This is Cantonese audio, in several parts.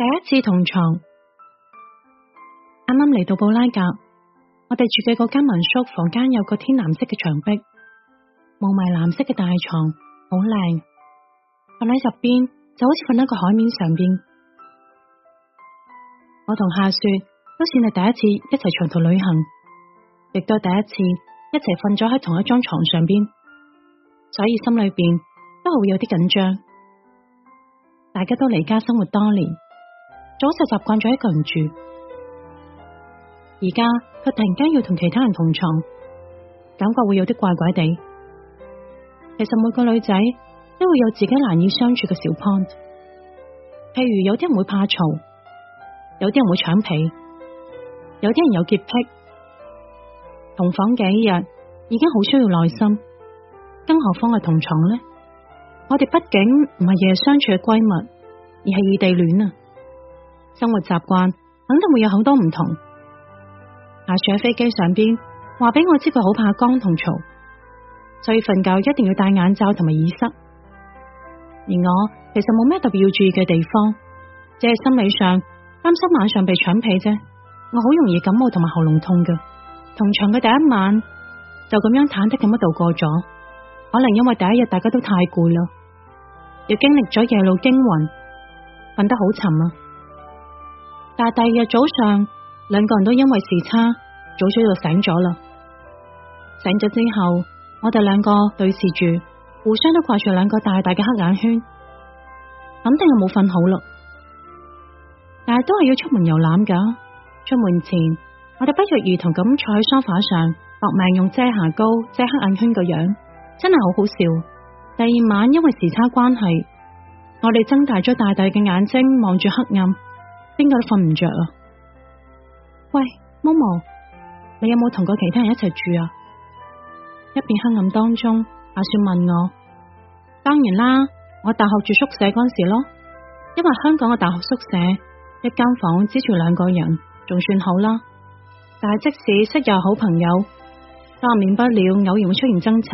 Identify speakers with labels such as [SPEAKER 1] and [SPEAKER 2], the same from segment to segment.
[SPEAKER 1] 第一次同床，啱啱嚟到布拉格，我哋住嘅嗰間民宿房間有個天藍色嘅牆壁，霧霾藍色嘅大床，好靚，瞓喺入邊就好似瞓喺個海面上邊。我同夏雪都算係第一次一齊長途旅行，亦都係第一次一齊瞓咗喺同一張床上邊，所以心裏邊都好有啲緊張。大家都離家生活多年。早就習慣咗一個人住，而家佢突然間要同其他人同床，感覺會有啲怪怪地。其實每個女仔都會有自己難以相處嘅小 point，譬如有啲人會怕嘈，有啲人會搶被，有啲人有潔癖。同房幾日已經好需要耐心，更何況係同床呢？我哋畢竟唔係日日相處嘅閨蜜，而係異地戀啊！生活習慣肯定會有好多唔同。阿鼠喺飛機上邊話俾我知佢好怕光同嘈，所以瞓覺一定要戴眼罩同埋耳塞。而我其實冇咩特別要注意嘅地方，只係心理上擔心晚上被搶被啫。我好容易感冒同埋喉嚨痛嘅。同床嘅第一晚就咁樣忐忑咁一度過咗，可能因為第一日大家都太攰啦，又經歷咗夜路驚魂，瞓得好沉啊。但第二日早上，兩個人都因為時差早早就醒咗啦。醒咗之後，我哋兩個對視住，互相都掛住兩個大大嘅黑眼圈，肯定係冇瞓好咯。但係都係要出門遊覽噶。出門前，我哋不約而同咁坐喺梳化上，搏命用遮瑕膏遮黑眼圈嘅樣，真係好好笑。第二晚因為時差關係，我哋睜大咗大大嘅眼睛望住黑暗。邊個都瞓唔着啊！喂，毛毛，你有冇同過其他人一齊住啊？一片黑暗當中，阿雪問我：當然啦，我大學住宿舍嗰陣時咯，因為香港嘅大學宿舍一間房只住兩個人，仲算好啦。但係即使室友好朋友，但免不了偶然會出現爭吵。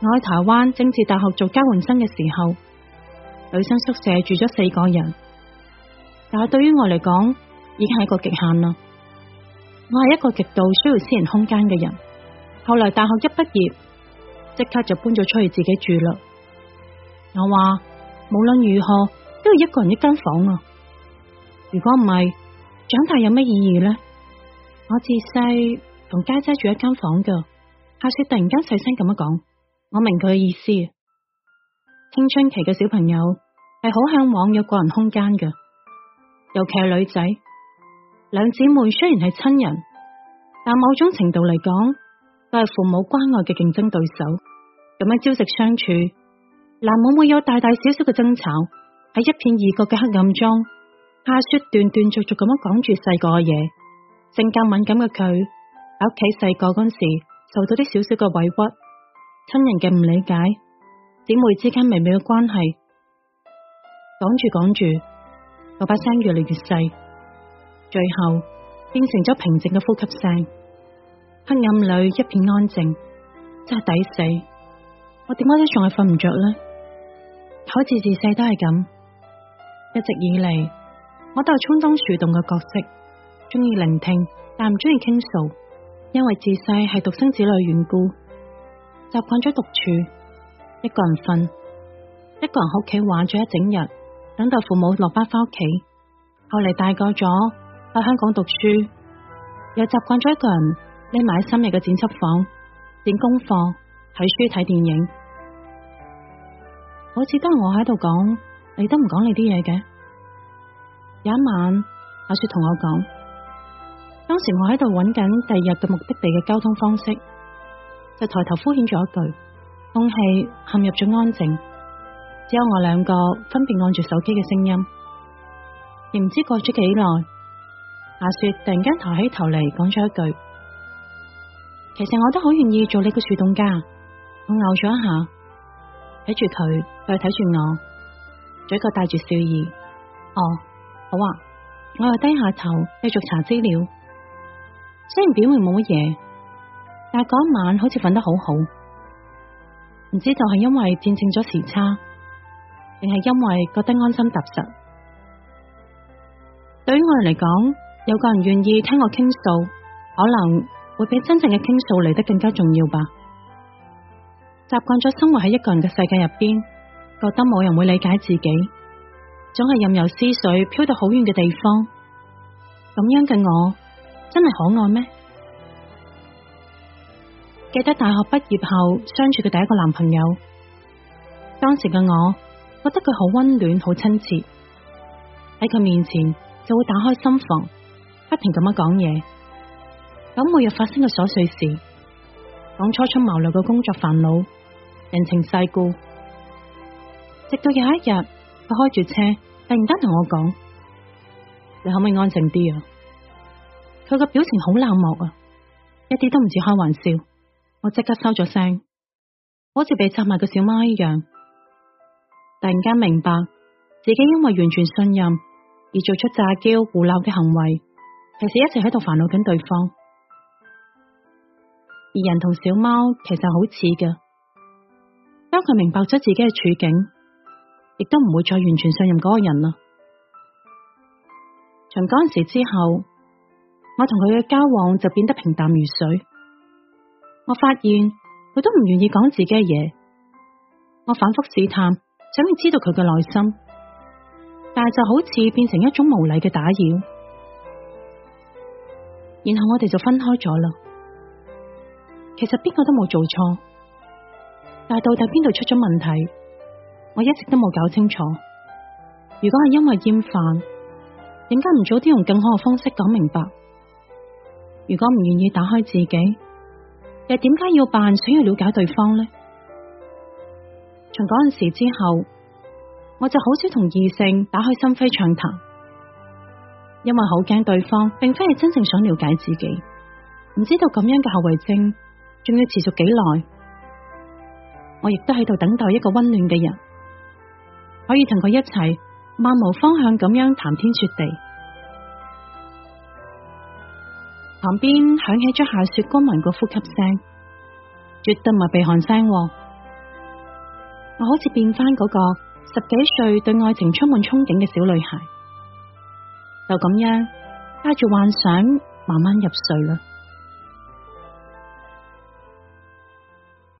[SPEAKER 1] 我喺台灣政治大學做交換生嘅時候，女生宿舍住咗四個人。但係對於我嚟講，已經係一個極限啦。我係一個極度需要私人空間嘅人。後來大學一畢業，即刻就搬咗出去自己住啦。我話無論如何都要一個人一間房啊！如果唔係，長大有咩意義呢？我自細同家姐住一間房噶，夏雪突然間細聲咁樣講，我明佢嘅意思。青春期嘅小朋友係好向往有個人空間嘅。尤其係女仔，兩姊妹雖然係親人，但某種程度嚟講，都係父母關愛嘅競爭對手。咁樣朝夕相處，難免會有大大小小嘅爭吵。喺一片異國嘅黑暗中，阿雪斷，斷斷續續咁樣講住細個嘅嘢，性格敏感嘅佢喺屋企細個嗰陣時，受到啲少少嘅委屈，親人嘅唔理解，姊妹之間微妙嘅關係，講住講住。我把聲越嚟越細，最後變成咗平靜嘅呼吸聲。黑暗裏一片安靜，真係抵死。我點解都仲係瞓唔着呢？好似自細都係咁，一直以嚟我都係充當樹洞嘅角色，鍾意聆聽，但唔鍾意傾訴，因為自細係獨生子女緣故，習慣咗獨處，一個人瞓，一個人喺屋企玩咗一整日。等到父母落班翻屋企，後嚟大個咗去香港讀書，又習慣咗一個人匿埋喺深夜嘅剪輯房點功課、睇書、睇電影。好似都係我喺度講，你都唔講你啲嘢嘅。有一晚，阿雪同我講，當時我喺度揾緊第二日嘅目的地嘅交通方式，就抬頭敷衍咗一句，空氣陷入咗安靜。只有我兩個分別按住手機嘅聲音，亦唔知過咗幾耐，阿雪突然間抬起頭嚟講咗一句：其實我都好願意做你嘅樹洞家。我牛咗一下，睇住佢，佢又睇住我，嘴角帶住笑意。哦，好啊，我又低下頭繼續，續查資料，雖然表面冇乜嘢，但係嗰晚好似瞓得好好，唔知就係因為戰勝咗時差。定係因為覺得安心踏實。對於我嚟講，有個人願意聽我傾訴，可能會比真正嘅傾訴嚟得更加重要吧。習慣咗生活喺一個人嘅世界入邊，覺得冇人會理解自己，總係任由思緒飄到好遠嘅地方。咁樣嘅我，真係可愛咩？記得大學畢業後相處嘅第一個男朋友，當時嘅我。覺得佢好溫暖，好親切。喺佢面前就會打開心房，不停咁樣講嘢。咁每日發生嘅瑣碎事，講初出茅廬嘅工作煩惱、人情世故。直到有一日，佢開住車，突然間同我講：你可唔可以安靜啲啊？佢嘅表情好冷漠啊，一啲都唔似開玩笑。我即刻收咗聲，好似被插埋個小貓一樣。突然間明白自己因為完全信任而做出詐嬌胡鬧嘅行為，其實一直喺度煩惱緊對方。而人同小貓其實好似嘅，當佢明白咗自己嘅處境，亦都唔會再完全信任嗰個人啦。從嗰陣時之後，我同佢嘅交往就變得平淡如水。我發現佢都唔願意講自己嘅嘢，我反覆試探，想要知道佢嘅內心，但係就好似變成一種無禮嘅打擾。然後我哋就分開咗啦。其實邊個都冇做錯，但係到底邊度出咗問題，我一直都冇搞清楚。如果係因為厭煩，點解唔早啲用更好嘅方式講明白？如果唔願意打開自己，又點解要扮想要了解對方呢？從嗰陣時之後，我就好少同異性打開心扉暢談，因為好驚對方並非係真正想了解自己。唔知道咁樣嘅後遺症仲要持續幾耐，我亦都喺度等待一個溫暖嘅人，可以同佢一齊漫無方向咁樣談天說地。旁邊響起咗下雪光聞個呼吸聲，絕對唔係鼻鼾聲。我好似變翻嗰個十幾歲對愛情充滿憧憬嘅小女孩，就咁樣帶住幻想慢慢入睡啦。